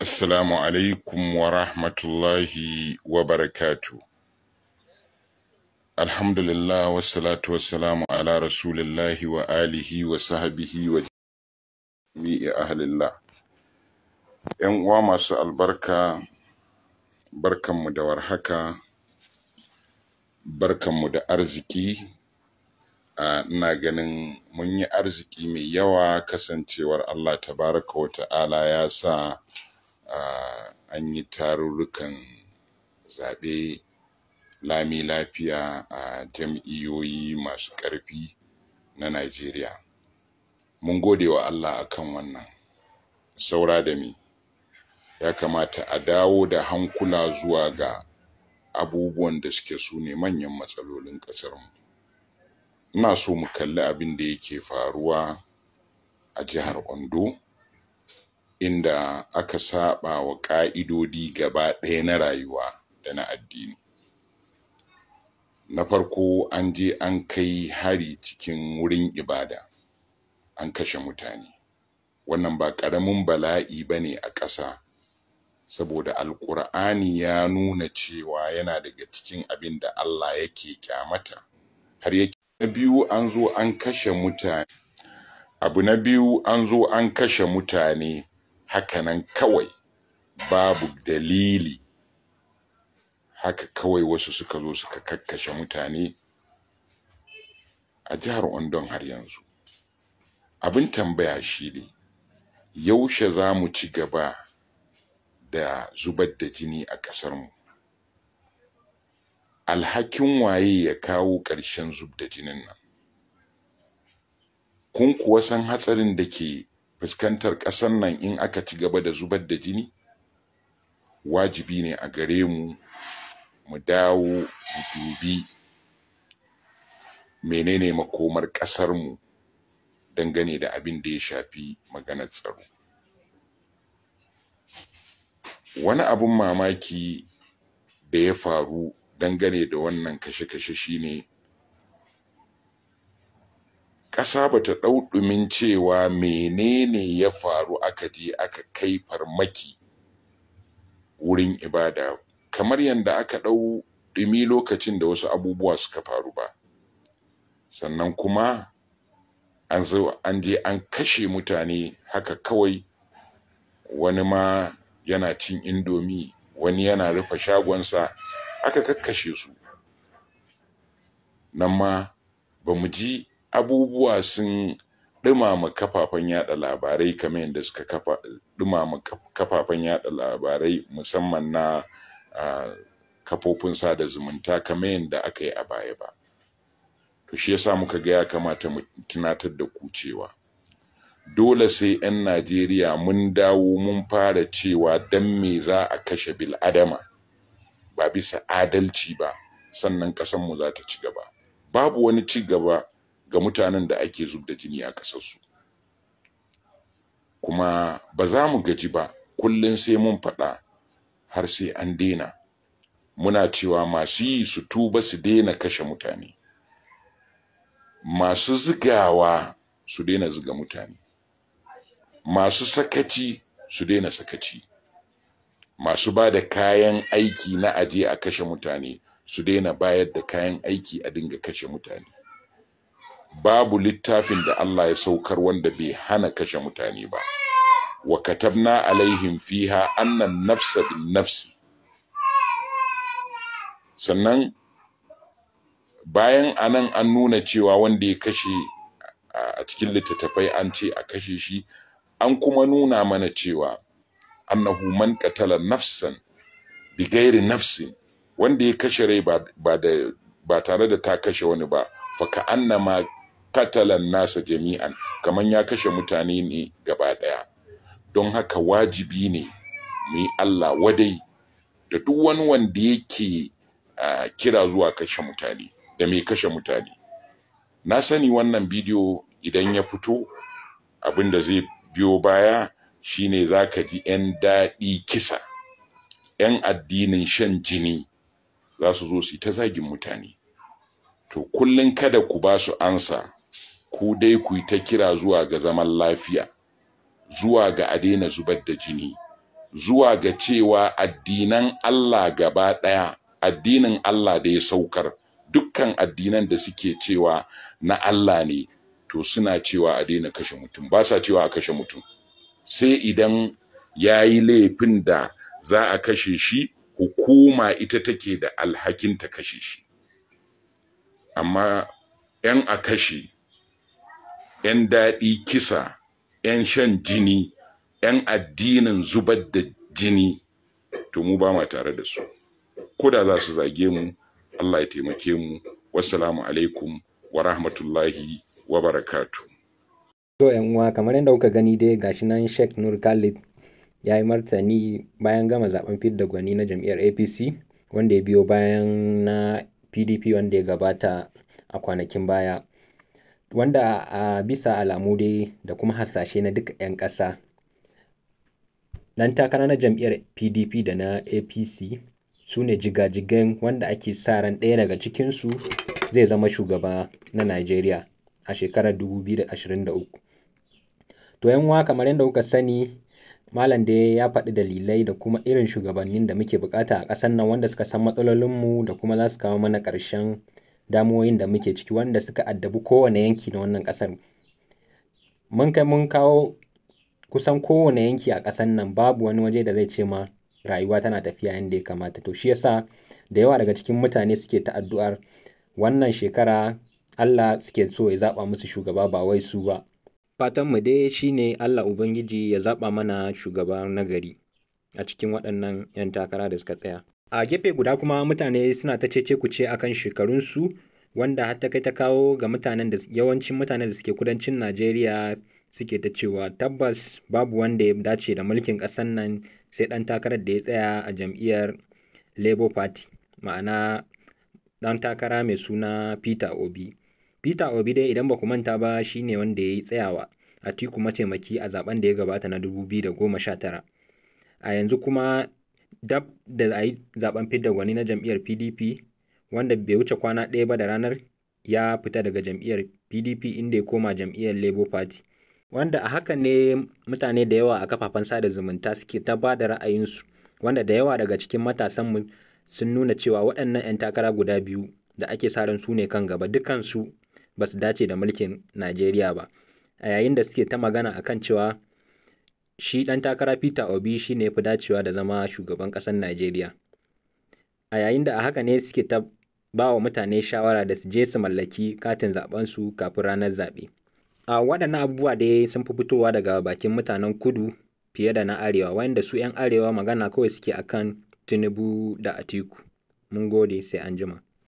Assalamu alaikum wa rahmatullahi wa barakatu. Alhamdulillah wa salatu wa salamu ala rasulillahi wa alihi wa sahabihi wa jami'i ahalillah. ‘Yan uwa masu albarka, barkanmu da warhaka, barkanmu da arziki, ina ganin mun yi arziki mai yawa kasancewar Allah tabaraka wa ta'ala ya sa an yi tarurrukan zaɓe lami lafiya a jam'iyyoyi masu ƙarfi na Najeriya. Mun gode wa Allah a kan wannan, saura da mi, ya kamata a dawo da hankula zuwa ga abubuwan da suke su ne manyan matsalolin ƙasarmu. Ina so mu kalli abin da yake faruwa a jihar Ondo. inda aka saba wa ƙa'idodi gaba ɗaya na rayuwa da na addini na farko an je an kai hari cikin wurin ibada an kashe mutane wannan ba ƙaramin bala'i ba ne a ƙasa saboda alƙur'ani ya nuna cewa yana daga cikin abin da allah yake kyamata har yake na biyu an zo an kashe mutane abu na biyu an zo an kashe mutane Haka nan kawai babu dalili haka kawai wasu suka zo suka kakkashe mutane a jihar Ondon har yanzu abin tambaya shi ne yaushe za mu ci gaba da zubar da jini a mu? alhakin waye ya kawo ƙarshen zub da jinin nan kun kuwa san hatsarin da ke fuskantar ƙasar nan in aka ci gaba da zubar da jini wajibi ne a gare mu mu dawo mu dubi menene makomar ƙasar ƙasarmu dangane da abin da ya shafi maganar tsaro wani abun mamaki da ya faru dangane da wannan kashe-kashe shine ƙasa ba ta ɗau ɗumin cewa menene ya faru aka je aka kai farmaki wurin ibada kamar yadda aka ɗau ɗumi lokacin da wasu abubuwa suka faru ba sannan kuma an an je an kashe mutane haka kawai wani ma yana cin indomi wani yana rufe shagonsa aka kakkashe su nan ma ba mu ji abubuwa sun dumama kafafen yada labarai kamar yadda suka kafa ɗumama kafafen yada labarai musamman na kafofin sada zumunta kamar yadda aka yi a baya ba to shi yasa muka ga ya kamata mu tunatar da ku cewa dole sai 'yan najeriya mun dawo mun fara cewa dan me za a kashe bil'adama ba bisa adalci ba sannan ƙasanmu za ta ci gaba babu wani ci gaba ga mutanen da ake zub da jini a ƙasarsu kuma ba za mu gaji ba kullum sai mun faɗa har sai an daina muna cewa masu yi su tuba su daina kashe mutane masu zigawa su daina zuga mutane masu sakaci su daina sakaci masu ba da kayan aiki na aje a kashe mutane su daina bayar da kayan aiki a dinga kashe mutane babu littafin da Allah ya saukar wanda bai hana kashe mutane ba wa katabna alaihim fiha annan nafsa bin nafsi sannan bayan anan an nuna cewa wanda ya kashe a cikin littattafai an ce a kashe shi an kuma nuna mana cewa annahu man qatala nafsan bi ghairi nafsin wanda ya kashe rai ba tare da ta kashe wani ba fa ka annama katalan nasa jami'an kamar ya kashe mutane ne gaba ɗaya don haka wajibi ne mu Allah wadai da duk wani wanda yake kira zuwa kashe mutane da mai kashe mutane na sani wannan bidiyo idan ya fito abin da zai biyo baya shine za ka ji 'yan daɗi kisa 'yan addinin shan jini za su zo su ta zagin mutane to kullum kada ku ba su ansa ku dai ku yi ta kira zuwa ga zaman lafiya zuwa ga adena zubar da jini zuwa ga cewa addinan Allah gaba ɗaya addinin Allah da ya saukar dukkan addinan da suke cewa na Allah ne to suna cewa a daina kashe mutum ba sa cewa a kashe mutum sai idan ya yi laifin da za a kashe shi hukuma ita take da alhakin ta kashe shi amma 'yan a kashe ‘yan daɗi kisa, ‘yan shan jini, ‘yan addinin zubar da jini, to mu ba ma tare da su. Koda za su zage mu, Allah ya taimake mu, wasu alaikum wa rahmatullahi wa barakatu. To uwa kamar yadda kuka gani dai gashi nan Sheikh Nur Khalid ya yi martani bayan gama zaben fidda gwani na jam'iyyar APC wanda ya biyo bayan na PDP wanda ya gabata a kwanakin baya. wanda a bisa alamu dai da kuma hasashe na duk 'yan ƙasa ɗan takara na jam'iyyar pdp da na apc su ne jigajigan wanda ake sa ran ɗaya daga cikinsu zai zama shugaba na najeriya a shekarar 2023 to yanwa kamar yadda kuka sani malam dai ya faɗi dalilai da kuma irin shugabannin da muke bukata a ƙasar nan wanda suka san matsalolinmu da kuma za su kawo mana ƙarshen damuwoyin da muke ciki wanda suka addabi kowane yanki na wannan ƙasar mun kai mun kawo kusan kowane yanki a ƙasar nan babu wani waje da zai ce ma rayuwa tana tafiya yadda ya kamata to shi yasa da yawa daga cikin mutane suke ta addu'ar wannan shekara Allah suke so ya zaɓa musu shugaba ba wai su ba fatan fatanmu dai shine Allah Ubangiji ya zaɓa mana shugaba nagari a cikin waɗannan 'yan takara da suka tsaya A gefe guda kuma mutane suna ta cece kuce akan shekarunsu wanda har ta kai ta kawo ga mutanen da yawancin mutanen da suke kudancin Najeriya suke ta cewa tabbas babu wanda ya dace da mulkin ƙasar nan sai ɗan takarar da ya tsaya a jam'iyyar Labour Party ma'ana ɗan takara mai suna Peter Obi. Peter Obi dai idan ba ku manta ba shine wanda ya yi tsayawa a tiku mataimaki a zaben da ya gabata na dubu da goma sha tara, A yanzu kuma dab da a yi zaben fidda gwani na jam'iyyar pdp wanda bai wuce kwana ɗaya ba da ranar ya fita daga jam'iyyar pdp inda ya koma jam'iyyar labour party wanda a haka ne mutane da yawa a kafafen sada zumunta suke ta ba da ra'ayinsu wanda da yawa daga cikin matasanmu sun nuna cewa waɗannan 'yan takara guda biyu da ake sa ran su ne kan gaba dukansu ba su dace da mulkin najeriya ba a yayin da suke ta magana akan cewa shi ɗan takara Peter Obi shi ne ya fi dacewa da zama shugaban ƙasar Najeriya. A yayin da a haka ne suke ta ba wa mutane shawara da su je su mallaki katin zaɓensu kafin ranar zaɓe. A waɗannan abubuwa dai sun fi fitowa daga bakin mutanen kudu fiye da na arewa wanda su 'yan arewa magana kawai suke akan Tinubu da Atiku. Mun gode sai Anjima.